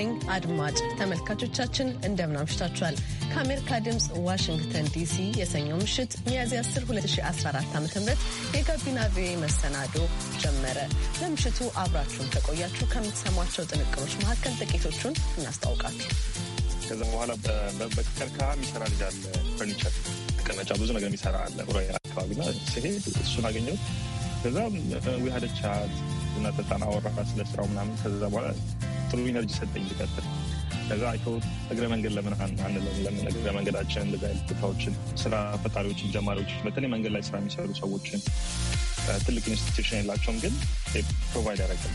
ይስጥልኝ አድማጭ ተመልካቾቻችን እንደምናምሽታችኋል። ከአሜሪካ ድምፅ ዋሽንግተን ዲሲ የሰኞ ምሽት ሚያዝያ 10 2014 ዓ ም የጋቢና ቪኦኤ መሰናዶ ጀመረ። ለምሽቱ አብራችሁን ከቆያችሁ ከምትሰሟቸው ጥንቅሮች መካከል ጥቂቶቹን እናስታውቃችሁ። ከዛ በኋላ በቀርከሃ የሚሰራ ልጅ አለ። ፈርኒቸር ተቀመጫ ብዙ ነገር የሚሰራ አለ። ሮያ አካባቢና ሲሄድ እሱን አገኘሁት። ከዛም ዊሃደቻት ቡና ጠጣን፣ አወራ ስለ ስራው ምናምን። ከዛ በኋላ ጥሩ ኢነርጂ ሰጠኝ ልቀጥል። ከዛ አይቶ እግረ መንገድ ለምን አንለም? ለምን እግረ መንገዳችን እንደዚ አይነት ቦታዎችን ስራ ፈጣሪዎችን፣ ጀማሪዎችን በተለይ መንገድ ላይ ስራ የሚሰሩ ሰዎችን ትልቅ ኢንስቲትዩሽን የላቸውም፣ ግን ፕሮቫይድ ያደረገል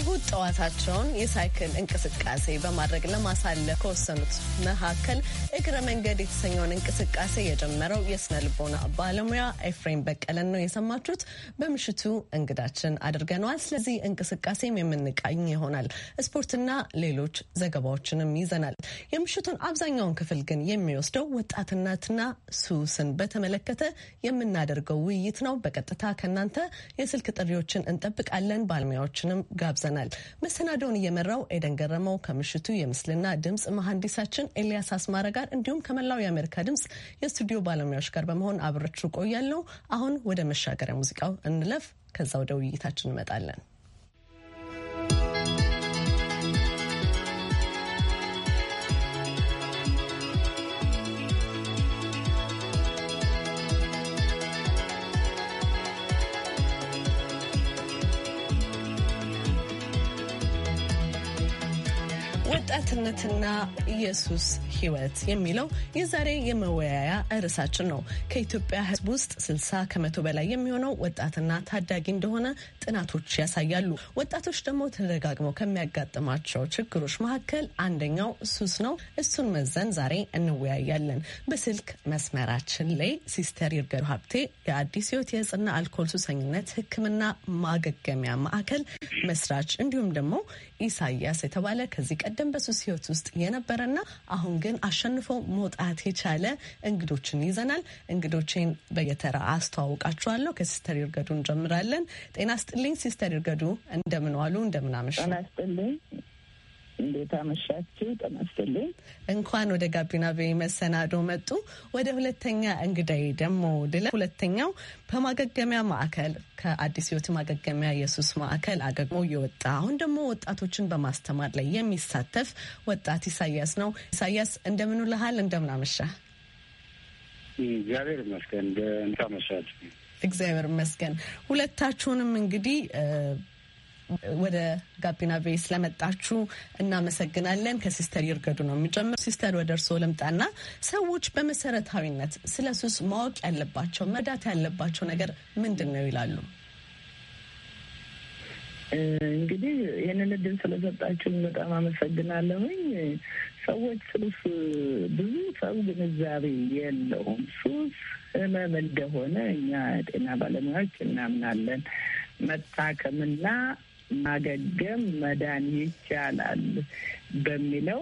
እሁድ ጠዋታቸውን የሳይክል እንቅስቃሴ በማድረግ ለማሳለፍ ከወሰኑት መካከል እግረ መንገድ የተሰኘውን እንቅስቃሴ የጀመረው የስነ ልቦና ባለሙያ ኤፍሬም በቀለን ነው የሰማችሁት። በምሽቱ እንግዳችን አድርገነዋል። ስለዚህ እንቅስቃሴም የምንቃኝ ይሆናል። ስፖርትና ሌሎች ዘገባዎችንም ይዘናል። የምሽቱን አብዛኛውን ክፍል ግን የሚወስደው ወጣትነትና ሱስን በተመለከተ የምናደርገው ውይይት ነው። በቀጥታ ከእናንተ የስልክ ጥሪዎችን እንጠብቃለን። ባለሙያዎችንም ጋብዘ ጋብዘናል። መሰናዶውን እየመራው ኤደን ገረመው ከምሽቱ የምስልና ድምፅ መሐንዲሳችን ኤልያስ አስማረ ጋር እንዲሁም ከመላው የአሜሪካ ድምፅ የስቱዲዮ ባለሙያዎች ጋር በመሆን አብረችሁ ቆያለሁ። አሁን ወደ መሻገሪያ ሙዚቃው እንለፍ። ከዛ ወደ ውይይታችን እንመጣለን። ወጣትነትና ኢየሱስ ህይወት የሚለው የዛሬ የመወያያ ርዕሳችን ነው። ከኢትዮጵያ ህዝብ ውስጥ 60 ከመቶ በላይ የሚሆነው ወጣትና ታዳጊ እንደሆነ ጥናቶች ያሳያሉ። ወጣቶች ደግሞ ተደጋግመው ከሚያጋጥማቸው ችግሮች መካከል አንደኛው ሱስ ነው። እሱን መዘን ዛሬ እንወያያለን። በስልክ መስመራችን ላይ ሲስተር ይርገዱ ሀብቴ የአዲስ ህይወት የዕፅና አልኮል ሱሰኝነት ህክምና ማገገሚያ ማዕከል መስራች እንዲሁም ደግሞ ኢሳያስ የተባለ ከዚህ ቀደም በ በሱስ ህይወት ውስጥ የነበረና አሁን ግን አሸንፎ መውጣት የቻለ እንግዶችን ይዘናል። እንግዶችን በየተራ አስተዋውቃችኋለሁ። ከሲስተር ይርገዱ እንጀምራለን። ጤና ስጥልኝ ሲስተር ይርገዱ፣ እንደምን ዋሉ? እንደምን ጤና ስጥልኝ እንዴት አመሻችሁ። ጠመስልኝ እንኳን ወደ ጋቢና ቤ መሰናዶ መጡ። ወደ ሁለተኛ እንግዳይ ደግሞ ድለ ሁለተኛው በማገገሚያ ማዕከል ከአዲስ ሕይወት ማገገሚያ ኢየሱስ ማዕከል አገግሞ የወጣ አሁን ደግሞ ወጣቶችን በማስተማር ላይ የሚሳተፍ ወጣት ኢሳያስ ነው። ኢሳያስ እንደምን ውለሃል? እንደምን አመሻህ? እግዚአብሔር ይመስገን። እግዚአብሔር ይመስገን። ሁለታችሁንም እንግዲህ ወደ ጋቢና ቤ ስለመጣችሁ እናመሰግናለን። ከሲስተር ይርገዱ ነው የሚጀምር። ሲስተር ወደ እርስዎ ልምጣና ሰዎች በመሰረታዊነት ስለ ሱስ ማወቅ ያለባቸው መዳት ያለባቸው ነገር ምንድን ነው ይላሉ? እንግዲህ ይህንን እድል ስለሰጣችሁ በጣም አመሰግናለሁኝ። ሰዎች ሱስ ብዙ ሰው ግንዛቤ የለውም። ሱስ ህመም እንደሆነ እኛ ጤና ባለሙያዎች እናምናለን። መታከምና ማገገም መዳን ይቻላል በሚለው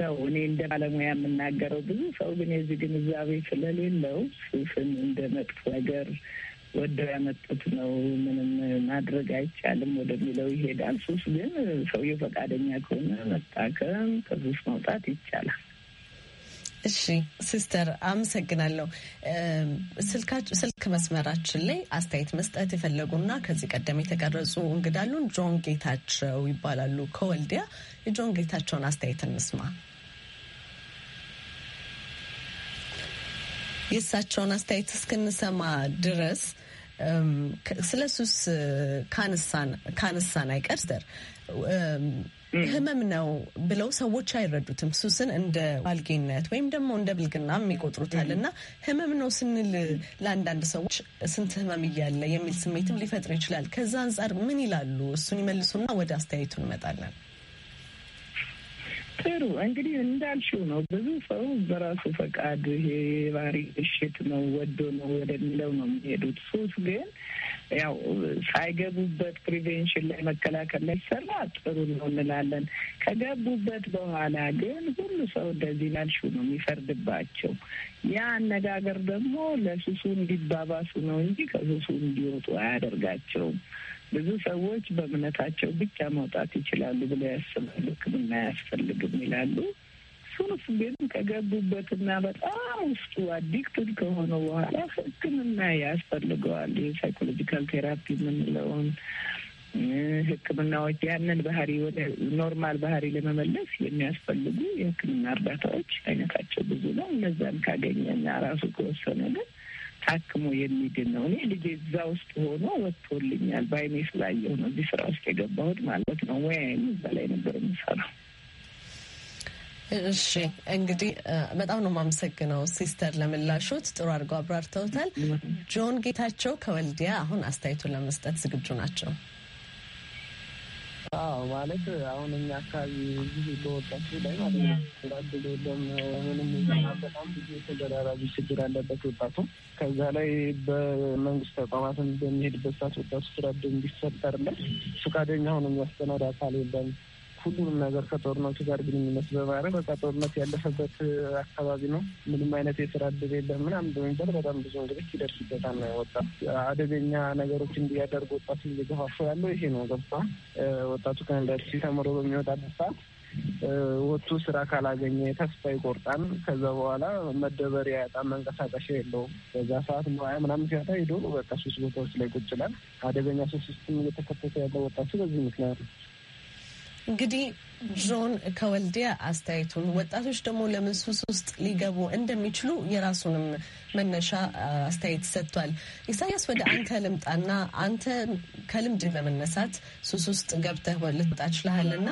ነው እኔ እንደ ባለሙያ የምናገረው። ብዙ ሰው ግን የዚህ ግንዛቤ ስለሌለው ሱስን እንደ መጥፎ ነገር ወደው ያመጡት ነው፣ ምንም ማድረግ አይቻልም ወደሚለው ይሄዳል። ሱስ ግን ሰውየው ፈቃደኛ ከሆነ መታከም፣ ከሱስ መውጣት ይቻላል። እሺ ሲስተር አመሰግናለሁ። ስልክ መስመራችን ላይ አስተያየት መስጠት የፈለጉና ከዚህ ቀደም የተቀረጹ እንግዳሉን ጆን ጌታቸው ይባላሉ ከወልዲያ። የጆን ጌታቸውን አስተያየት እንስማ። የእሳቸውን አስተያየት እስክንሰማ ድረስ ስለ ሱስ ካነሳን አይቀር ህመም ነው ብለው ሰዎች አይረዱትም። ሱስን እንደ ባልጌነት ወይም ደግሞ እንደ ብልግና ይቆጥሩታል። እና ህመም ነው ስንል ለአንዳንድ ሰዎች ስንት ህመም እያለ የሚል ስሜትም ሊፈጥር ይችላል። ከዛ አንጻር ምን ይላሉ? እሱን ይመልሱና ወደ አስተያየቱ እንመጣለን። ጥሩ እንግዲህ እንዳልሽው ነው። ብዙ ሰው በራሱ ፈቃድ ይሄ የባህሪ እሽት ነው ወዶ ነው ወደሚለው ነው የሚሄዱት። ሱስ ግን ያው ሳይገቡበት ፕሪቬንሽን ላይ መከላከል ላይ ሰራ ጥሩ ነው እንላለን። ከገቡበት በኋላ ግን ሁሉ ሰው እንደዚህ ናልሹ ነው የሚፈርድባቸው። ያ አነጋገር ደግሞ ለሱሱ እንዲባባሱ ነው እንጂ ከሱሱ እንዲወጡ አያደርጋቸውም። ብዙ ሰዎች በእምነታቸው ብቻ መውጣት ይችላሉ ብለው ያስባሉ። ሕክምና አያስፈልግም ይላሉ። እሱን ግን ከገቡበትና በጣም ውስጡ አዲክትድ ከሆነ በኋላ ሕክምና ያስፈልገዋል። የሳይኮሎጂካል ቴራፒ የምንለውን ሕክምናዎች ያንን ባህሪ ወደ ኖርማል ባህሪ ለመመለስ የሚያስፈልጉ የሕክምና እርዳታዎች አይነታቸው ብዙ ነው። እነዛን ካገኘና ራሱ ከወሰነ ግን ታክሞ የሚድን ነው። እኔ ልጄ እዛ ውስጥ ሆኖ ወጥቶልኛል። በአይኔ ስላየው ነው እዚህ ስራ ውስጥ የገባሁት ማለት ነው። ወይም እዛ ላይ ነበር የምሰራው። እሺ እንግዲህ በጣም ነው የማመሰግነው ሲስተር ለምላሹት፣ ጥሩ አድርገው አብራርተውታል። ጆን ጌታቸው ከወልዲያ አሁን አስተያየቱን ለመስጠት ዝግጁ ናቸው። አዎ ማለት አሁን እኛ አካባቢ ብዙ ለወጣቱ ላይ ማለት ነው ምንም ዜና በጣም ብዙ የተደራራቢ ችግር አለበት ወጣቱ። ከዛ ላይ በመንግስት ተቋማትን በሚሄድበት ሰዓት ወጣቱ ስራ እድል እንዲፈጠርለት ፈቃደኛ አሁን የሚያስተናድ አካል የለም። ሁሉንም ነገር ከጦርነቱ ጋር ግንኙነት በማድረግ በቃ ጦርነት ያለፈበት አካባቢ ነው። ምንም አይነት የስራ እድል የለም ምናምን በሚባል በጣም ብዙ እንግዲህ ይደርስበታል ወጣት። አደገኛ ነገሮች እንዲያደርግ ወጣቱ እየገፋፉ ያለው ይሄ ነው። ገባ ወጣቱ ከዩኒቨርሲቲ ተምሮ በሚወጣበት ሰዓት ወጥቶ ስራ ካላገኘ ተስፋ ይቆርጣል። ከዛ በኋላ መደበር ያጣ መንቀሳቀሻ የለው። በዛ ሰዓት መዋያ ምናምን ሲያጣ ሄዶ በቃ ሶስት ቦታዎች ላይ ቁጭ አደገኛ ሶስት ውስጥም እየተከተተ ያለው ወጣቱ በዚህ ምክንያት ነው። እንግዲህ ጆን ከወልዲያ አስተያየቱን ወጣቶች ደግሞ ለምን ሱስ ውስጥ ሊገቡ እንደሚችሉ የራሱንም መነሻ አስተያየት ሰጥቷል። ኢሳያስ ወደ አንተ ልምጣና አንተ ከልምድ በመነሳት ሱስ ውስጥ ገብተህ ልትወጣ ችለሃል እና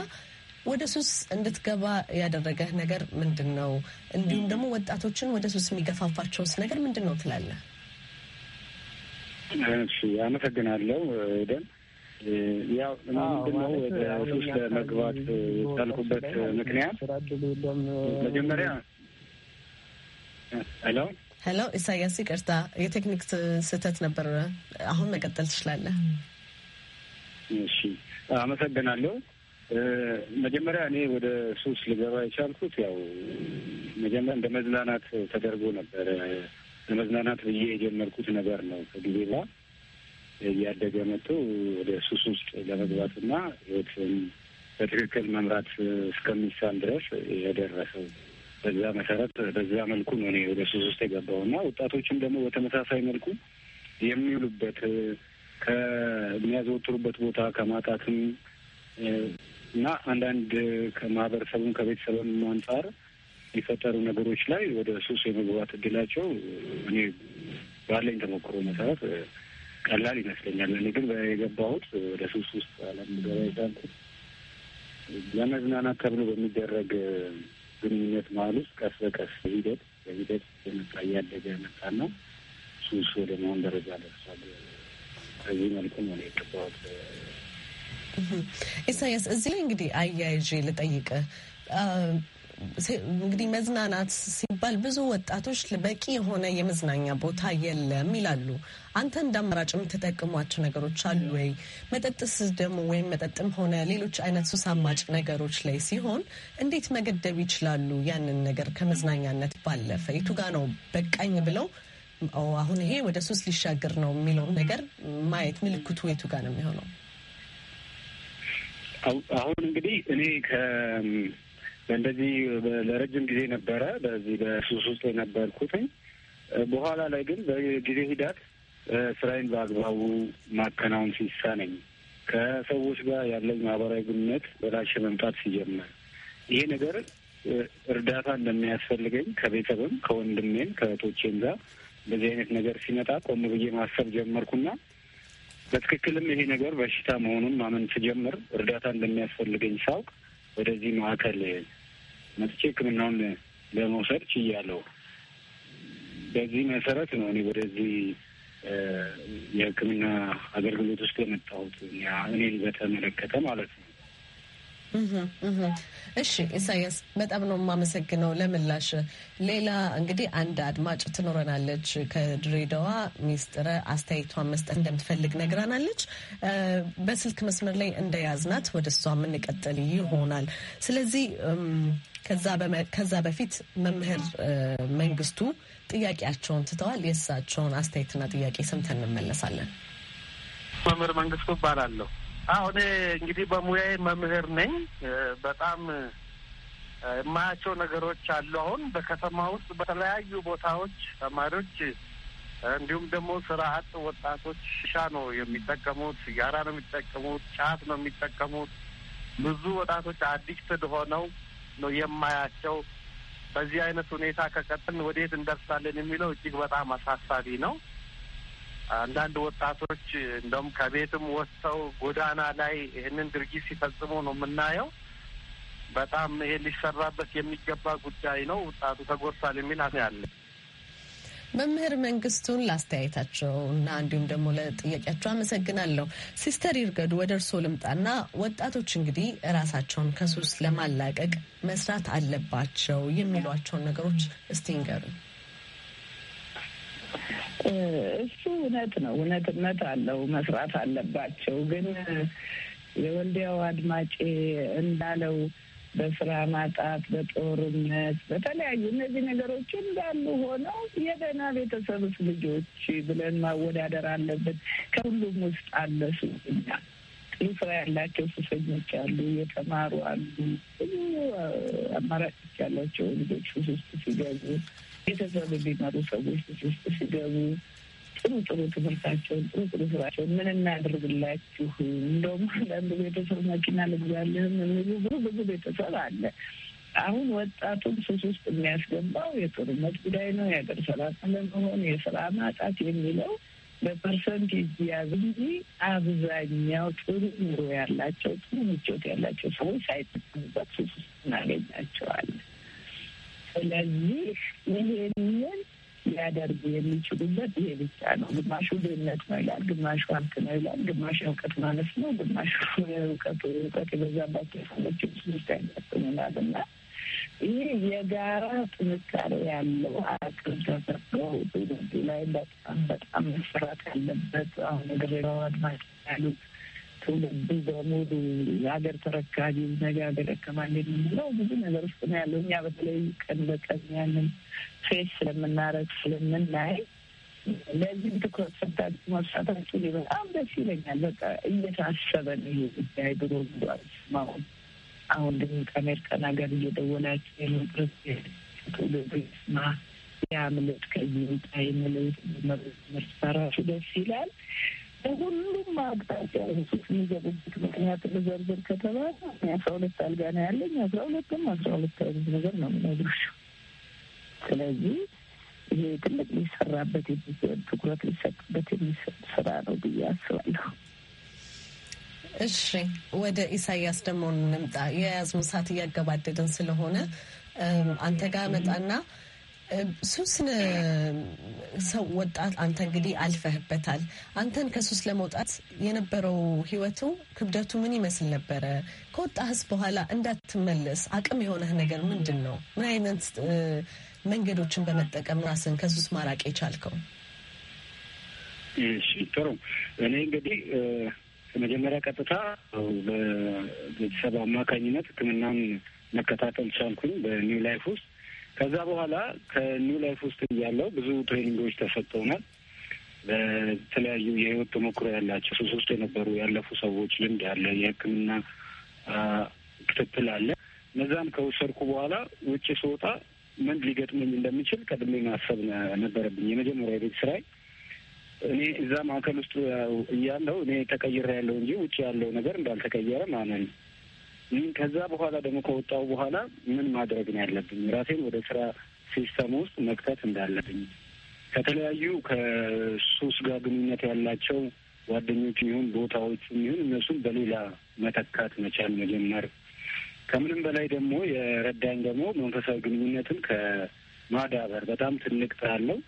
ወደ ሱስ እንድትገባ ያደረገህ ነገር ምንድን ነው? እንዲሁም ደግሞ ወጣቶችን ወደ ሱስ የሚገፋፋቸውስ ነገር ምንድን ነው ትላለህ? አመሰግናለሁ ደን ያው ምንድን ነው ወደ ሱስ ለመግባት ያልኩበት ምክንያት መጀመሪያ ሄሎ ሄሎ፣ ኢሳያስ ይቅርታ፣ የቴክኒክ ስህተት ነበር። አሁን መቀጠል ትችላለህ። እሺ፣ አመሰግናለሁ። መጀመሪያ እኔ ወደ ሱስ ልገባ የቻልኩት ያው መጀመሪያ እንደ መዝናናት ተደርጎ ነበረ። ለመዝናናት ብዬ የጀመርኩት ነገር ነው ከጊዜ በኋላ እያደገ መጥቶ ወደ ሱስ ውስጥ ለመግባትና ህይወትን በትክክል መምራት እስከሚሳል ድረስ የደረሰው በዛ መሰረት በዛ መልኩ ነው እኔ ወደ ሱስ ውስጥ የገባው እና ወጣቶችም ደግሞ በተመሳሳይ መልኩ የሚውሉበት ከሚያዘወትሩበት ቦታ ከማጣትም እና አንዳንድ ከማህበረሰቡም ከቤተሰብም አንጻር የሚፈጠሩ ነገሮች ላይ ወደ ሱስ የመግባት እድላቸው እኔ ባለኝ ተሞክሮ መሰረት ቀላል ይመስለኛል። እኔ ግን የገባሁት ወደ ሱስ ውስጥ አለምገባ የቻልኩት ለመዝናናት ተብሎ በሚደረግ ግንኙነት መሀል ውስጥ ቀስ በቀስ ሂደት በሂደት የመጣ እያደገ መጣ መጣና ሱስ ወደ መሆን ደረጃ ደርሷል። በዚህ መልኩ ነው የገባሁት። ኢሳያስ፣ እዚህ ላይ እንግዲህ አያይዤ ልጠይቅህ እንግዲህ መዝናናት ሲባል ብዙ ወጣቶች በቂ የሆነ የመዝናኛ ቦታ የለም ይላሉ። አንተ እንደ አማራጭ የምትጠቅሟቸው ነገሮች አሉ ወይ? መጠጥስ ደግሞ ወይም መጠጥም ሆነ ሌሎች አይነት ሱስ አማጭ ነገሮች ላይ ሲሆን እንዴት መገደብ ይችላሉ? ያንን ነገር ከመዝናኛነት ባለፈ የቱ ጋ ነው በቃኝ ብለው አሁን ይሄ ወደ ሱስ ሊሻገር ነው የሚለውን ነገር ማየት ምልክቱ የቱ ጋ ነው የሚሆነው? አሁን እንግዲህ እኔ እንደዚህ ለረጅም ጊዜ ነበረ በዚህ በሱስ ውስጥ የነበርኩትኝ። በኋላ ላይ ግን በጊዜ ሂዳት ስራዬን በአግባቡ ማከናወን ሲሳነኝ ከሰዎች ጋር ያለኝ ማህበራዊ ግንኙነት በላሽ መምጣት ሲጀምር ይሄ ነገር እርዳታ እንደሚያስፈልገኝ ከቤተሰብም ከወንድሜም ከእህቶቼም ጋር በዚህ አይነት ነገር ሲመጣ ቆም ብዬ ማሰብ ጀመርኩና በትክክልም ይሄ ነገር በሽታ መሆኑን ማመን ስጀምር እርዳታ እንደሚያስፈልገኝ ሳውቅ ወደዚህ ማዕከል መጥቼ ሕክምናውን ለመውሰድ ችያለሁ። በዚህ መሰረት ነው እኔ ወደዚህ የሕክምና አገልግሎት ውስጥ የመጣሁት እኔን በተመለከተ ማለት ነው። እሺ ኢሳያስ በጣም ነው የማመሰግነው ለምላሽ። ሌላ እንግዲህ አንድ አድማጭ ትኖረናለች ከድሬዳዋ ሚስጥረ አስተያየቷን መስጠት እንደምትፈልግ ነግራናለች። በስልክ መስመር ላይ እንደያዝናት ወደ እሷ የምንቀጥል ይሆናል። ስለዚህ ከዛ በፊት መምህር መንግስቱ ጥያቄያቸውን ትተዋል። የእሳቸውን አስተያየትና ጥያቄ ሰምተን እንመለሳለን። መምህር መንግስቱ እባላለሁ። አሁን እንግዲህ በሙያዬ መምህር ነኝ። በጣም የማያቸው ነገሮች አሉ። አሁን በከተማ ውስጥ በተለያዩ ቦታዎች ተማሪዎች እንዲሁም ደግሞ ስራ አጥ ወጣቶች ሺሻ ነው የሚጠቀሙት፣ ሲጋራ ነው የሚጠቀሙት፣ ጫት ነው የሚጠቀሙት። ብዙ ወጣቶች አዲክትድ ሆነው ነው የማያቸው። በዚህ አይነት ሁኔታ ከቀጥል ወዴት እንደርሳለን የሚለው እጅግ በጣም አሳሳቢ ነው። አንዳንድ ወጣቶች እንደውም ከቤትም ወጥተው ጎዳና ላይ ይህንን ድርጊት ሲፈጽሙ ነው የምናየው። በጣም ይሄ ሊሰራበት የሚገባ ጉዳይ ነው። ወጣቱ ተጎድቷል የሚል ያለ መምህር መንግስቱን ላስተያየታቸው እና እንዲሁም ደግሞ ለጥያቄያቸው አመሰግናለሁ። ሲስተር ይርገዱ ወደ እርስዎ ልምጣና ወጣቶች እንግዲህ ራሳቸውን ከሱስ ለማላቀቅ መስራት አለባቸው የሚሏቸውን ነገሮች እስቲ ንገሩኝ። እሱ እውነት ነው። እውነትነት አለው። መስራት አለባቸው። ግን የወልዲያው አድማጭ እንዳለው በስራ ማጣት፣ በጦርነት፣ በተለያዩ እነዚህ ነገሮች እንዳሉ ሆነው የደህና ቤተሰብስ ልጆች ብለን ማወዳደር አለብን። ከሁሉም ውስጥ አለ ጥሩ ስራ ያላቸው ሱሰኞች አሉ፣ የተማሩ አሉ፣ ብዙ አማራጮች ያላቸው ልጆች ውስጥ ሲገቡ ቤተሰብ የሚመሩ ሰዎች ውስጥ ሲገቡ ጥሩ ጥሩ ትምህርታቸውን ጥሩ ጥሩ ስራቸውን ምን እናድርግላችሁ፣ እንደውም አንዳንዱ ቤተሰብ መኪና ልግዛልህም የሚሉ ብዙ ብዙ ቤተሰብ አለ። አሁን ወጣቱን ሱስ ውስጥ የሚያስገባው የጦርነት ጉዳይ ነው፣ የሀገር ሰላም ለመሆን የስራ ማጣት የሚለው በፐርሰንቴጅ ያዝ እንጂ አብዛኛው ጥሩ ኑሮ ያላቸው ጥሩ ምቾት ያላቸው ሰዎች ሳይጠቀሙበት ሱስ ውስጥ እናገኛቸዋለን። ስለዚህ ይሄንን ሊያደርጉ የሚችሉበት ይሄ ብቻ ነው። ግማሹ ድህነት ነው ይላል፣ ግማሹ ሀብት ነው ይላል፣ ግማሹ እውቀት ማለት ነው፣ ግማሹ እውቀቱ እውቀት የበዛባቸው ሰዎች ውስጥ ያጋጥሙናል እና ይህ የጋራ ጥንካሬ ያለው አቅም ተፈጥሮ ላይ በጣም በጣም መሰራት ያለበት አሁን ድሬ አድማጭ ያሉት ትውልድ በሙሉ የሀገር ተረካቢ ነገ ሀገር ያከማል የምንለው ብዙ ነገር ውስጥ ነው ያለው። እኛ በተለይ ቀን በቀን ያንን ፌስ ስለምናረግ ስለምናይ ለዚህም ትኩረት ሰታችሁ መብሳታችሁ በጣም ደስ ይለኛል። በቃ እየታሰበን ይሄ ጉዳይ ብሎ ማሁን አሁን ግን ከአሜሪካን ሀገር እየደወላችሁ የመቅረት ትውልዱ ይስማ ያምልጥ ከዚህ ውጣ የምልት መርስ ደስ ይላል። በሁሉም አቅጣጫ ሱስ የሚገቡበት ምክንያት ልዘርዝር ከተባለ አስራ ሁለት አልጋ ነው ያለኝ። አስራ ሁለትም አስራ ሁለት አይነት ነገር ነው የምነግርሽ። ስለዚህ ይሄ ትልቅ ሊሰራበት ትኩረት ሊሰጥበት የሚሰጥ ስራ ነው ብዬ አስባለሁ። እሺ ወደ ኢሳያስ ደግሞ እንምጣ። የያዝነው ሰዓት እያገባደድን ስለሆነ አንተ ጋር መጣና ሱስን ሰው ወጣት አንተ እንግዲህ አልፈህበታል። አንተን ከሱስ ለመውጣት የነበረው ህይወቱ ክብደቱ ምን ይመስል ነበረ? ከወጣህስ በኋላ እንዳትመለስ አቅም የሆነህ ነገር ምንድን ነው? ምን አይነት መንገዶችን በመጠቀም ራስን ከሱስ ማራቅ የቻልከው? ጥሩ። እኔ እንግዲህ ከመጀመሪያ ቀጥታ በቤተሰብ አማካኝነት ህክምናን መከታተል ቻልኩኝ በኒው ላይፍ ውስጥ ከዛ በኋላ ከኒው ላይፍ ውስጥ እያለው ብዙ ትሬኒንጎች ተሰጥተውናል። በተለያዩ የህይወት ተሞክሮ ያላቸው ሱስ ውስጥ የነበሩ ያለፉ ሰዎች ልምድ አለ፣ የህክምና ክትትል አለ። እነዛን ከወሰድኩ በኋላ ውጭ ስወጣ ምን ሊገጥመኝ እንደሚችል ቀድሜ ማሰብ ነበረብኝ። የመጀመሪያ የቤት ስራይ እኔ እዛ ማዕከል ውስጥ እያለው እኔ ተቀይሬ ያለው እንጂ ውጭ ያለው ነገር እንዳልተቀየረ ማመን ከዛ በኋላ ደግሞ ከወጣው በኋላ ምን ማድረግ ነው ያለብኝ? ራሴን ወደ ስራ ሲስተም ውስጥ መክተት እንዳለብኝ ከተለያዩ ከሱስ ጋር ግንኙነት ያላቸው ጓደኞች ይሁን ቦታዎች ይሁን እነሱን በሌላ መተካት መቻል መጀመር። ከምንም በላይ ደግሞ የረዳኝ ደግሞ መንፈሳዊ ግንኙነትን ከማዳበር በጣም ትልቅ ጥራለው።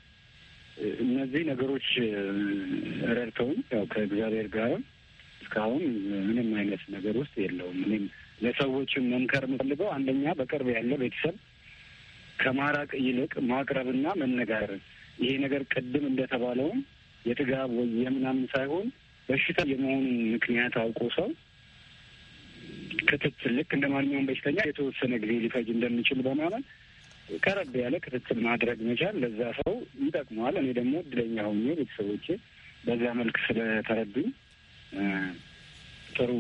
እነዚህ ነገሮች ረድተውም ያው ከእግዚአብሔር ጋርም እስካሁን ምንም አይነት ነገር ውስጥ የለውም። እኔም ለሰዎችም መምከር የምፈልገው አንደኛ በቅርብ ያለ ቤተሰብ ከማራቅ ይልቅ ማቅረብና መነጋገር ይሄ ነገር ቅድም እንደተባለውም የጥጋብ ወይ የምናምን ሳይሆን በሽታ የመሆኑን ምክንያት አውቆ ሰው ክትትል ልክ እንደ ማንኛውም በሽተኛ የተወሰነ ጊዜ ሊፈጅ እንደሚችል በማመን ቀረብ ያለ ክትትል ማድረግ መቻል ለዛ ሰው ይጠቅመዋል። እኔ ደግሞ እድለኛ ሆኜ ቤተሰቦቼ በዛ መልክ ስለተረዱኝ ጥሩ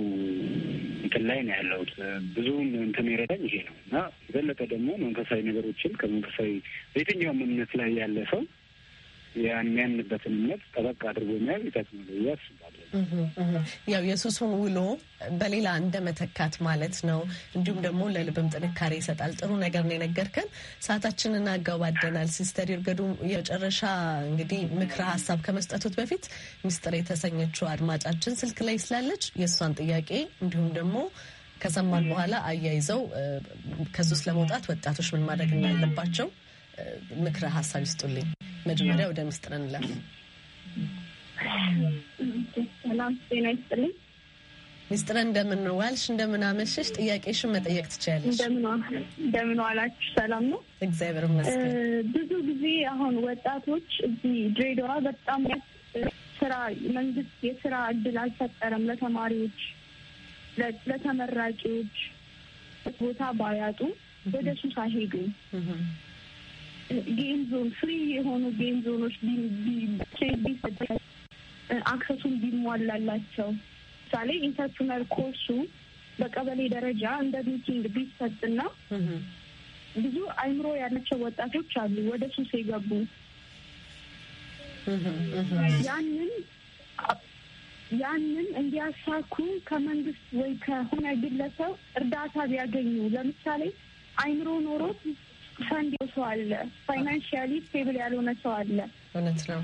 እንትን ላይ ነው ያለሁት። ብዙውን እንትን የረዳኝ ይሄ ነው እና የበለጠ ደግሞ መንፈሳዊ ነገሮችን ከመንፈሳዊ በየትኛውም እምነት ላይ ያለ ሰው የሚያንበትን እምነት ጠበቅ አድርጎ መያዝ ይጠቅማል ብዬ አስባለሁ። ያው የሱሱን ውሎ በሌላ እንደ መተካት ማለት ነው። እንዲሁም ደግሞ ለልብም ጥንካሬ ይሰጣል። ጥሩ ነገር ነው የነገርከን። ሰዓታችንን አጋባደናል። ሲስተር ይርገዱ የመጨረሻ እንግዲህ ምክረ ሀሳብ ከመስጠቱት በፊት ሚስጥር የተሰኘችው አድማጫችን ስልክ ላይ ስላለች የእሷን ጥያቄ እንዲሁም ደግሞ ከሰማን በኋላ አያይዘው ከሱስ ለመውጣት ወጣቶች ምን ማድረግ እንዳለባቸው ምክረ ሀሳብ ይስጡልኝ። መጀመሪያ ወደ ሚስጥር እንለፍ። ሚስጥር ጤና ይስጥልኝ። እንደምን ዋልሽ? እንደምን አመሸሽ? ጥያቄሽን መጠየቅ ትችያለሽ። እንደምን ዋላችሁ? ሰላም ነው፣ እግዚአብሔር ይመስገን። ብዙ ጊዜ አሁን ወጣቶች እዚህ ድሬዳዋ በጣም ስራ መንግስት የስራ እድል አልፈጠረም ለተማሪዎች፣ ለተመራቂዎች ቦታ ባያጡ ወደ ሱስ አይሄዱም። ጌም ዞን ፍሪ የሆኑ ጌም ዞኖች ቢሰጠ አክሰሱን ቢሟላላቸው ምሳሌ ኢንተርፕነር ኮርሱ በቀበሌ ደረጃ እንደ ሚቲንግ ቢሰጥና ብዙ አይምሮ ያላቸው ወጣቶች አሉ ወደ ሱስ የገቡ ያንን ያንን እንዲያሳኩ ከመንግስት ወይ ከሆነ ግለሰብ እርዳታ ቢያገኙ ለምሳሌ አይምሮ ኖሮት ሰንዴው ሰው አለ፣ ፋይናንሽያሊ ስቴብል ያልሆነ ሰው አለ። እውነት ነው።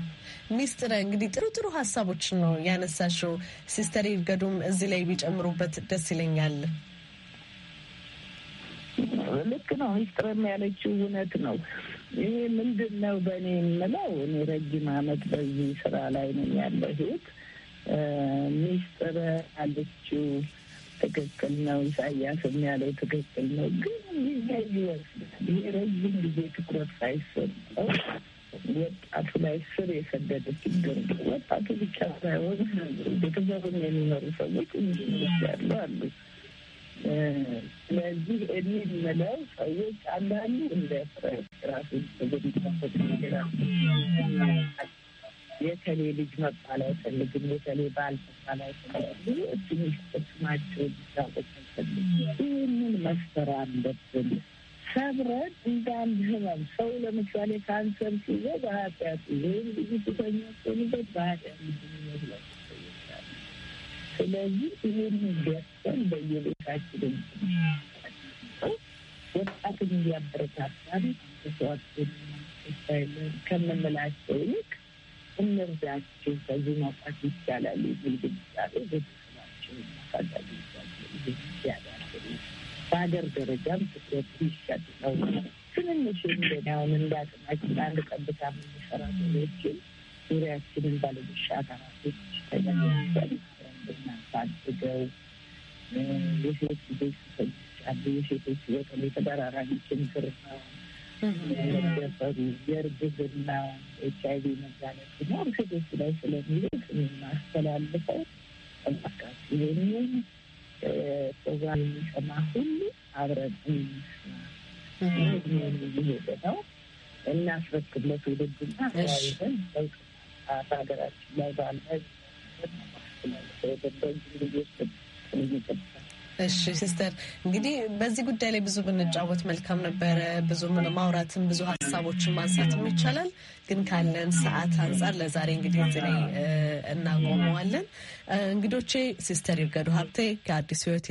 ሚስጥር እንግዲህ ጥሩ ጥሩ ሀሳቦችን ነው ያነሳሽው። ሲስተር ይርገዱም እዚህ ላይ ቢጨምሩበት ደስ ይለኛል። ልክ ነው። ሚስጥርም ያለችው እውነት ነው። ይሄ ምንድን ነው በእኔ የምለው እኔ ረጅም አመት በዚህ ስራ ላይ ነው ያለሁት። ሚስጥር ያለችው ትክክል ነው። ኢሳያስም ያለው ትክክል ነው። ግን ጊዜ ይወስዳል። ይሄ ረዥም ጊዜ ትኩረት ሳይሰጠው ወጣቱ ላይ ስር የሰደደ ችግር ወጣቱ ብቻ ሳይሆን ቤተሰብም የሚኖሩ ሰዎች እንዲኖች ያሉ አሉ። ስለዚህ እኔ የምለው ሰዎች አንዳንዱ እንደ ራሱ ነገር የተሌ ልጅ መባል አይፈልግም፣ የተሌ ባል መባል አይፈልግም። ብዙ ትንሽ ጥቅማቸው ሊታወቅ አይፈልግም። ይህንን መስፈር አለብን። ሰብረን እንዳንድ ህመም ሰው ለምሳሌ ካንሰር ሲዘ በኃጢአት ወይም ብዙ ሱሰኛ ሲሆንበት በኃጢአት ይመስላል። ስለዚህ ይህን ገሰን በየቤታችን ወጣትን እያበረታታን ሰዋት ከምንላቸው ይልቅ እነዚያችን ከዚህ መውጣት ይቻላል የሚል ግንዛቤ ቤተሰባችን ማሳደግ ይቻላል። በሀገር ደረጃም ትኩረት ይሰጥ ነው። ትንንሽ ሁን እንዳቅማችን አንድ ቀብታ የምንሰራ ሰዎችን ዙሪያችንን ባለድርሻ አካላቶች ተገናኝተን እንድናሳድገው የሴት ልጆች ስፈጅ አሉ የሴቶች በተለይ ተደራራቢ ችግር ነው የእርግዝና ኤች አይ መጋለጥ ሴቶች ላይ ስለሚሉት ይህንን ፕሮግራም የሚሰማ ሁሉ አብረን ነው እናስረክብ ለትውልድና ተያይዘን ለውጥ በሀገራችን ላይ ባለ በዚህ ልጆች እሺ ሲስተር፣ እንግዲህ በዚህ ጉዳይ ላይ ብዙ ብንጫወት መልካም ነበረ። ብዙ ማውራትም ብዙ ሀሳቦችን ማንሳትም ይቻላል። ግን ካለን ሰዓት አንጻር ለዛሬ እንግዲህ እዚህ ላይ እናቆመዋለን። እንግዶቼ ሲስተር ይርገዱ ሀብቴ ከአዲስ ሕይወት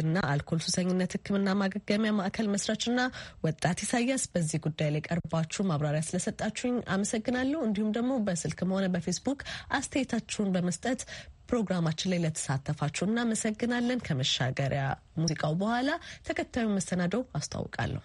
እና አልኮል ሱሰኝነት ሕክምና ማገገሚያ ማዕከል መስራችና ወጣት ኢሳያስ በዚህ ጉዳይ ላይ ቀርባችሁ ማብራሪያ ስለሰጣችሁኝ አመሰግናለሁ። እንዲሁም ደግሞ በስልክም ሆነ በፌስቡክ አስተያየታችሁን በመስጠት ፕሮግራማችን ላይ ለተሳተፋችሁ እናመሰግናለን። ከመሻገሪያ ሙዚቃው በኋላ ተከታዩን መሰናደው አስተዋውቃለሁ።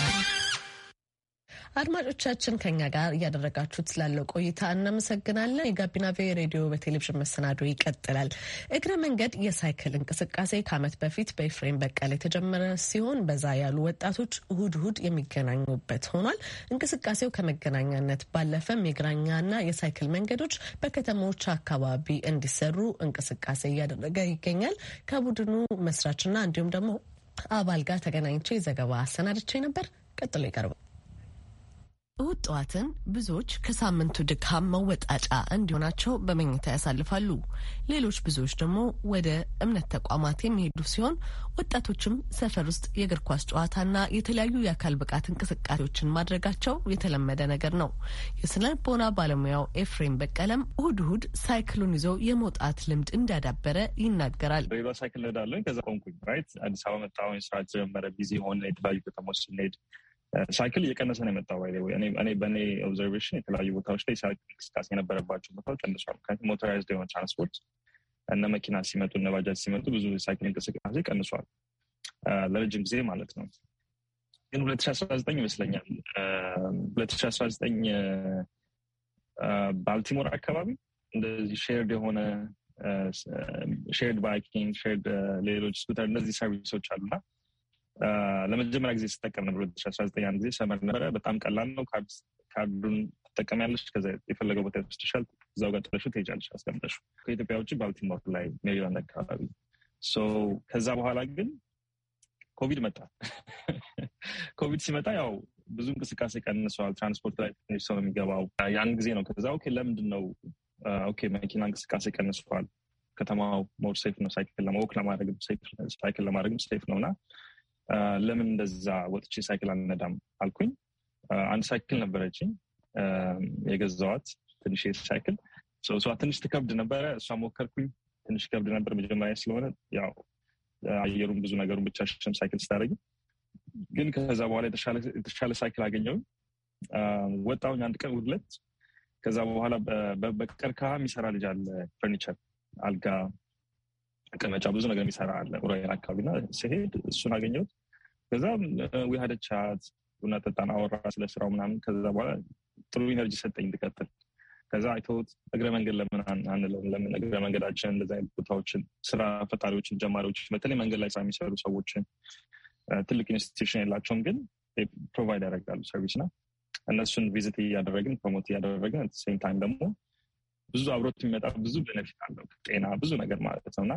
አድማጮቻችን ከኛ ጋር እያደረጋችሁት ስላለው ቆይታ እናመሰግናለን። የጋቢና ቪ ሬዲዮ በቴሌቪዥን መሰናዶ ይቀጥላል። እግረ መንገድ የሳይክል እንቅስቃሴ ከዓመት በፊት በኤፍሬም በቀለ የተጀመረ ሲሆን በዛ ያሉ ወጣቶች እሁድ እሁድ የሚገናኙበት ሆኗል። እንቅስቃሴው ከመገናኛነት ባለፈም የእግረኛና የሳይክል መንገዶች በከተሞች አካባቢ እንዲሰሩ እንቅስቃሴ እያደረገ ይገኛል። ከቡድኑ መስራችና እንዲሁም ደግሞ አባል ጋር ተገናኝቼ ዘገባ አሰናድቼ ነበር። ቀጥሎ ይቀርባል። እሁድ ጠዋትን ብዙዎች ከሳምንቱ ድካም መወጣጫ እንዲሆናቸው በመኝታ ያሳልፋሉ። ሌሎች ብዙዎች ደግሞ ወደ እምነት ተቋማት የሚሄዱ ሲሆን ወጣቶችም ሰፈር ውስጥ የእግር ኳስ ጨዋታና የተለያዩ የአካል ብቃት እንቅስቃሴዎችን ማድረጋቸው የተለመደ ነገር ነው። የስነ ልቦና ባለሙያው ኤፍሬም በቀለም እሁድ እሁድ ሳይክሉን ይዞ የመውጣት ልምድ እንዳዳበረ ይናገራል። ሌላ ሳይክል ነዳለን ከዛ ቆንኩኝ ራይት አዲስ አበባ መጣሁኝ። ስራ ጀመረ ቢዚ ሆነ የተለያዩ ከተሞች ስንሄድ ሳይክል እየቀነሰ ነው የመጣው። ባይ እኔ በእኔ ኦብዘርቬሽን የተለያዩ ቦታዎች ላይ ሳይክል እንቅስቃሴ የነበረባቸው ቦታዎች ቀንሷል። ምክንያቱም ሞተራይዝድ የሆነ ትራንስፖርት እነ መኪና ሲመጡ እነ ባጃጅ ሲመጡ ብዙ ሳይክል እንቅስቃሴ ቀንሷል ለረጅም ጊዜ ማለት ነው። ግን ሁለት ሺ አስራ ዘጠኝ ይመስለኛል ሁለት ሺ አስራ ዘጠኝ ባልቲሞር አካባቢ እንደዚህ ሼርድ የሆነ ሼርድ ባይኪንግ ሼርድ ሌሎች ስኩተር እነዚህ ሰርቪሶች አሉና ለመጀመሪያ ጊዜ ስጠቀም ነበር። 2019 አንድ ጊዜ ሰመር ነበረ። በጣም ቀላል ነው። ካርዱን ትጠቀሚያለሽ፣ ከዚያ የፈለገው ቦታ ይወስድሻል። እዛው ጋር ጥለሽው ትሄጃለሽ አስቀምጠሽ። ከኢትዮጵያ ውጭ ባልቲሞር ላይ ሜሪላንድ አካባቢ። ከዛ በኋላ ግን ኮቪድ መጣ። ኮቪድ ሲመጣ ያው ብዙ እንቅስቃሴ ቀንሰዋል። ትራንስፖርት ላይ ትንሽ ሰው ነው የሚገባው። ያን ጊዜ ነው ከዛ ኦኬ ለምንድን ነው ኦኬ መኪና እንቅስቃሴ ቀንሰዋል። ከተማው ሞር ሴፍ ነው። ሳይክል ለማወቅ ለማድረግም ሳይክል ለማድረግም ሴፍ ነው እና ለምን እንደዛ ወጥቼ ሳይክል አልነዳም አልኩኝ። አንድ ሳይክል ነበረችኝ የገዛዋት ትንሽ ሳይክል እሷ ትንሽ ትከብድ ነበረ። እሷ ሞከርኩኝ ትንሽ ከብድ ነበር መጀመሪያ ስለሆነ ያው አየሩን ብዙ ነገሩን ብቻ ብቻሽን ሳይክል ስታደረግ ግን ከዛ በኋላ የተሻለ ሳይክል አገኘው ወጣውኝ አንድ ቀን ሁለት ከዛ በኋላ በቀርከሃ የሚሰራ ልጅ አለ፣ ፈርኒቸር፣ አልጋ፣ መቀመጫ፣ ብዙ ነገር የሚሰራ አለ ሮያን አካባቢና እና ስሄድ እሱን አገኘሁት። ከዛ ቻት ቡና ጠጣን፣ አወራ ስለ ስራው ምናምን። ከዛ በኋላ ጥሩ ኢነርጂ ሰጠኝ እንድቀጥል። ከዛ አይቶት እግረ መንገድ ለምን አንለውም? ለምን እግረ መንገዳችን እንደዚ አይነት ቦታዎችን ስራ ፈጣሪዎችን፣ ጀማሪዎችን በተለይ መንገድ ላይ ስራ የሚሰሩ ሰዎችን ትልቅ ኢንስቲቱሽን የላቸውም፣ ግን ፕሮቫይድ ያደርጋሉ ሰርቪስ ና እነሱን ቪዚት እያደረግን ፕሮሞት እያደረግን ሴም ታይም ደግሞ ብዙ አብሮት የሚመጣ ብዙ ቤነፊት አለው፣ ጤና፣ ብዙ ነገር ማለት ነው እና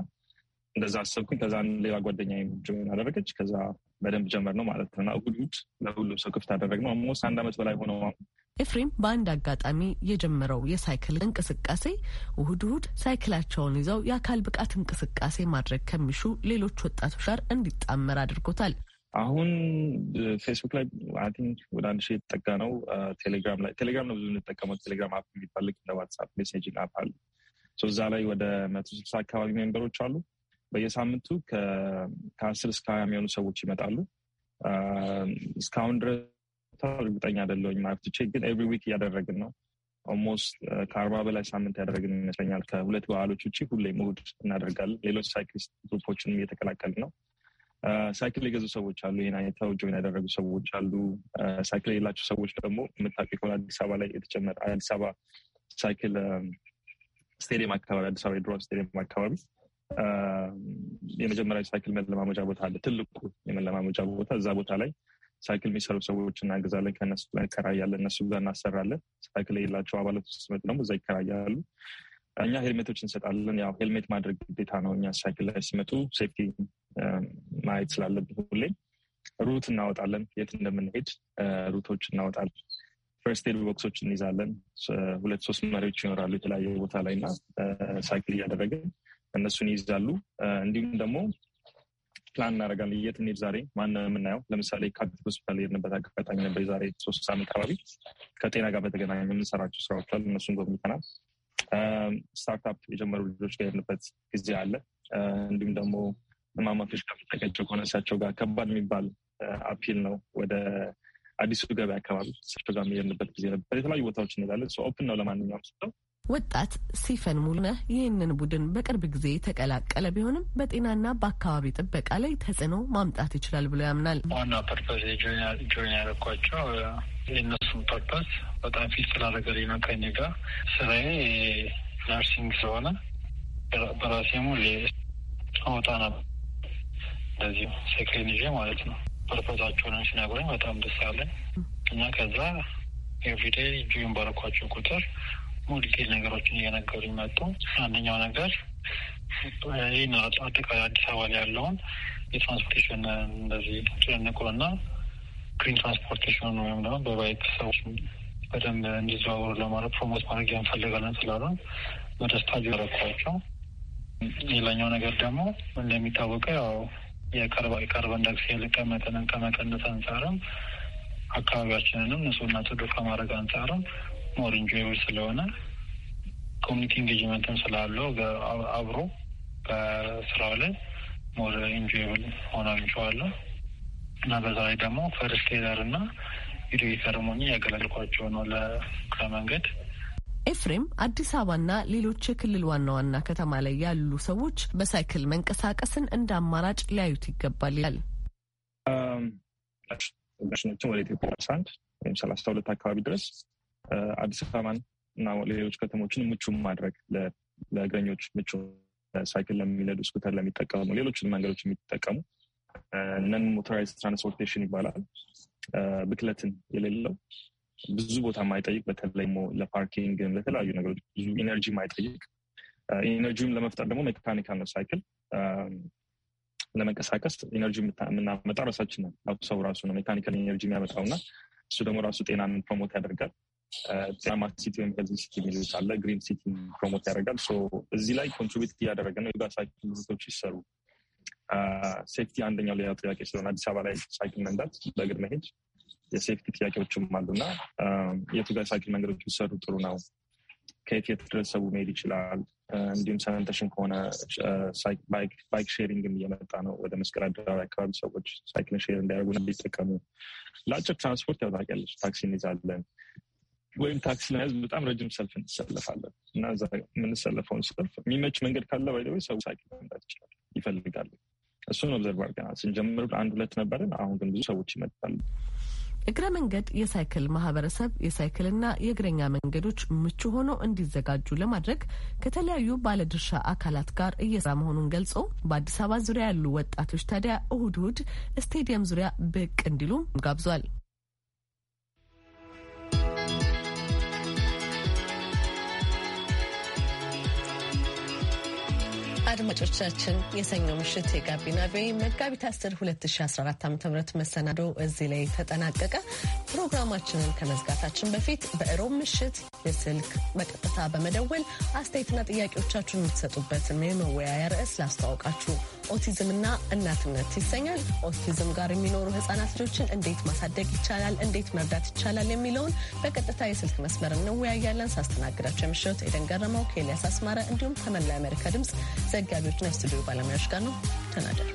እንደዛ አሰብኩኝ። ከዛን ሌላ ጓደኛ ጆይን አደረገች። ከዛ በደንብ ጀመር ነው ማለት ነው። እሑድ እሑድ ለሁሉም ሰው ክፍት አደረግ ነው። አሞስ አንድ አመት በላይ ሆነ። ኤፍሬም በአንድ አጋጣሚ የጀመረው የሳይክል እንቅስቃሴ እሑድ እሑድ ሳይክላቸውን ይዘው የአካል ብቃት እንቅስቃሴ ማድረግ ከሚሹ ሌሎች ወጣቶች ጋር እንዲጣመር አድርጎታል። አሁን ፌስቡክ ላይ አይ ቲንክ ወደ አንድ ሺህ የተጠጋ ነው። ቴሌግራም ላይ ቴሌግራም ነው ብዙ የምንጠቀመው። ቴሌግራም አፕ የሚባል ልክ እንደ ዋትሳፕ ሜሴጂንግ አፕ አለ። እዛ ላይ ወደ መቶ ስልሳ አካባቢ ሜምበሮች አሉ። በየሳምንቱ ከአስር እስከ ሀያ የሚሆኑ ሰዎች ይመጣሉ። እስካሁን ድረስ እርግጠኛ አይደለሁኝ ማለት ግን ኤቭሪ ዊክ እያደረግን ነው። ኦልሞስት ከአርባ በላይ ሳምንት ያደረግን ይመስለኛል። ከሁለት በዓሎች ውጭ ሁሌም እሑድ እናደርጋለን። ሌሎች ሳይክሊስት ግሩፖችንም እየተቀላቀልን ነው። ሳይክል የገዙ ሰዎች አሉ። ይህን አይተው ጆይን ያደረጉ ሰዎች አሉ። ሳይክል የሌላቸው ሰዎች ደግሞ የምታውቂው ከሆነ አዲስ አበባ ላይ የተጨመረ አዲስ አበባ ሳይክል ስቴዲየም አካባቢ አዲስ አበባ የድሮ ስቴዲየም አካባቢ የመጀመሪያ ሳይክል መለማመጃ ቦታ አለ። ትልቁ የመለማመጃ ቦታ እዛ ቦታ ላይ ሳይክል የሚሰሩ ሰዎች እናግዛለን። ከነሱ ላይ እንከራያለን። እነሱ ጋር እናሰራለን። ሳይክል የሌላቸው አባላት ውስጥ ሲመጡ ደግሞ እዛ ይከራያሉ። እኛ ሄልሜቶች እንሰጣለን። ያው ሄልሜት ማድረግ ግዴታ ነው። እኛ ሳይክል ላይ ሲመጡ ሴፍቲ ማየት ስላለብን ሁሌም ሩት እናወጣለን። የት እንደምንሄድ ሩቶች እናወጣለን። ፈርስት ኤድ ቦክሶች እንይዛለን። ሁለት ሶስት መሪዎች ይኖራሉ የተለያየ ቦታ ላይ እና ሳይክል እያደረገን እነሱን ይይዛሉ። እንዲሁም ደግሞ ፕላን እናደርጋለን። የት ዛሬ ማን የምናየው? ለምሳሌ ካፒት ሆስፒታል የሄድንበት አጋጣሚ ነበር። የዛሬ ሶስት ሳምንት አካባቢ ከጤና ጋር በተገናኘ የምንሰራቸው ስራዎች አሉ። እነሱን ጎብኝተናል። ስታርታፕ የጀመሩ ልጆች ጋር የሄድንበት ጊዜ አለ። እንዲሁም ደግሞ ማማቶች ከምታውቂያቸው ከሆነ እሳቸው ጋር ከባድ የሚባል አፒል ነው ወደ አዲሱ ገበያ አካባቢ እሳቸው ጋር የሄድንበት ጊዜ ነበር። የተለያዩ ቦታዎች እንሄዳለን። ኦፕን ነው ለማንኛውም ሰው ወጣት ሲፈን ሙሉነህ ይህንን ቡድን በቅርብ ጊዜ የተቀላቀለ ቢሆንም በጤናና በአካባቢ ጥበቃ ላይ ተጽዕኖ ማምጣት ይችላል ብሎ ያምናል። ዋና ፐርፐስ ጆይን ያደረኳቸው የእነሱን ፐርፐስ በጣም ፊት ስላደረገ ነው። ከኔ ጋር ስራዬ ናርሲንግ ስለሆነ በራሴ ሙሌ አወጣ ነበር እንደዚሁ ሴክሬንዤ ማለት ነው። ፐርፐሳቸውን ሲነግረኝ በጣም ደስ አለኝ እና ከዛ ኤቭሪዴይ ጆይን ባረኳቸው ቁጥር ሁልጊዜ ነገሮችን እየነገሩ ይመጡ። አንደኛው ነገር ይህ አጠቃላይ አዲስ አበባ ላይ ያለውን የትራንስፖርቴሽን እንደዚህ እና ግሪን ትራንስፖርቴሽን ወይም ደግሞ በባይክ ሰዎች በደንብ እንዲዘዋወሩ ለማድረግ ፕሮሞት ማድረግ እንፈልጋለን ስላሉን በደስታ ሊረኳቸው። ሌላኛው ነገር ደግሞ እንደሚታወቀው ያው የካርበን ዳይኦክሳይድ ልቀት መጠንን ከመቀነስ አንጻርም አካባቢያችንንም ንጹህና ጽዱ ከማድረግ አንጻርም ሞር ኢንጆይብል ስለሆነ ኮሚኒቲ ኢንጌጅመንትም ስላለው አብሮ በስራው ላይ ሞር ኢንጆይብል ሆኖ አግኝቼዋለሁ እና በዛ ላይ ደግሞ ፈርስት ኤደር እና ቪዲዮ ሰርሞኒ ያገለልኳቸው ነው ለክለ መንገድ ኤፍሬም አዲስ አበባና ሌሎች የክልል ዋና ዋና ከተማ ላይ ያሉ ሰዎች በሳይክል መንቀሳቀስን እንደ አማራጭ ሊያዩት ይገባል ይላል። ሽኖችን ወደ ኢትዮጵያ ወይም ሰላሳ ሁለት አካባቢ ድረስ አዲስ አበባን እና ሌሎች ከተሞችን ምቹ ማድረግ ለእግረኞች ምቹ ሳይክል ለሚነዱ፣ ስኩተር ለሚጠቀሙ፣ ሌሎችን መንገዶች የሚጠቀሙ ነን ሞተራይዝ ትራንስፖርቴሽን ይባላል። ብክለትን የሌለው ብዙ ቦታ ማይጠይቅ በተለይ ለፓርኪንግ ለተለያዩ ነገሮች ብዙ ኢነርጂ ማይጠይቅ ኢነርጂውም ለመፍጠር ደግሞ ሜካኒካል ነው። ሳይክል ለመንቀሳቀስ ኢነርጂ የምናመጣ ራሳችን ነው። ሰው ራሱ ነው ሜካኒካል ኢነርጂ የሚያመጣው እና እሱ ደግሞ ራሱ ጤናን ፕሮሞት ያደርጋል። ጤናማ ሲቲ ወይም ሄልዝ ሲቲ የሚሉት አለ። ግሪን ሲቲ ፕሮሞት ያደርጋል። እዚህ ላይ ኮንትሪቢት እያደረገ ነው። የጋር ሳይክል ሩቶች ይሰሩ። ሴፍቲ አንደኛው ሌላ ጥያቄ ስለሆነ አዲስ አበባ ላይ ሳይክል መንዳት፣ በእግር መሄድ የሴፍቲ ጥያቄዎችም አሉና የቱ ጋር ሳይክል መንገዶች ይሰሩ ጥሩ ነው። ከየት የት ድረስ ሰው መሄድ ይችላል። እንዲሁም ሰመንተሽን ከሆነ ባይክ ሼሪንግም እየመጣ ነው። ወደ መስቀል አደባባይ አካባቢ ሰዎች ሳይክል ሼር እንዳያደርጉና ሊጠቀሙ ለአጭር ትራንስፖርት ያው ታውቂያለሽ ታክሲ እንይዛለን ወይም ታክሲ ለመያዝ በጣም ረጅም ሰልፍ እንሰለፋለን እና እዛ የምንሰለፈውን ሰልፍ የሚመች መንገድ ካለ ባይደወይ ሰው ሳቂ መምጣት ይችላል ይፈልጋሉ። እሱን ኦብዘርቭ አድርገናል። ስንጀምር አንድ ሁለት ነበርን። አሁን ግን ብዙ ሰዎች ይመጣሉ። እግረ መንገድ የሳይክል ማህበረሰብ የሳይክልና የእግረኛ መንገዶች ምቹ ሆነው እንዲዘጋጁ ለማድረግ ከተለያዩ ባለድርሻ አካላት ጋር እየሰራ መሆኑን ገልጾ በአዲስ አበባ ዙሪያ ያሉ ወጣቶች ታዲያ እሁድ እሁድ ስቴዲየም ዙሪያ ብቅ እንዲሉ ጋብዟል። አድማጮቻችን የሰኞ ምሽት የጋቢና ቤ መጋቢት አስር 2014 ዓ ም መሰናዶ እዚህ ላይ ተጠናቀቀ። ፕሮግራማችንን ከመዝጋታችን በፊት በእሮብ ምሽት የስልክ በቀጥታ በመደወል አስተያየትና ጥያቄዎቻችሁን የምትሰጡበትን የመወያያ ርዕስ ላስተዋውቃችሁ። ኦቲዝምና እናትነት ይሰኛል። ኦቲዝም ጋር የሚኖሩ ህጻናት ልጆችን እንዴት ማሳደግ ይቻላል፣ እንዴት መርዳት ይቻላል የሚለውን በቀጥታ የስልክ መስመር እንወያያለን። ሳስተናግዳቸው የምሽት ኤደን ገረመው፣ ከኤልያስ አስማረ እንዲሁም ከመላ አሜሪካ ድምፅ ዘጋቢዎችና የስቱዲዮ ባለሙያዎች ጋር ነው። ተናደሩ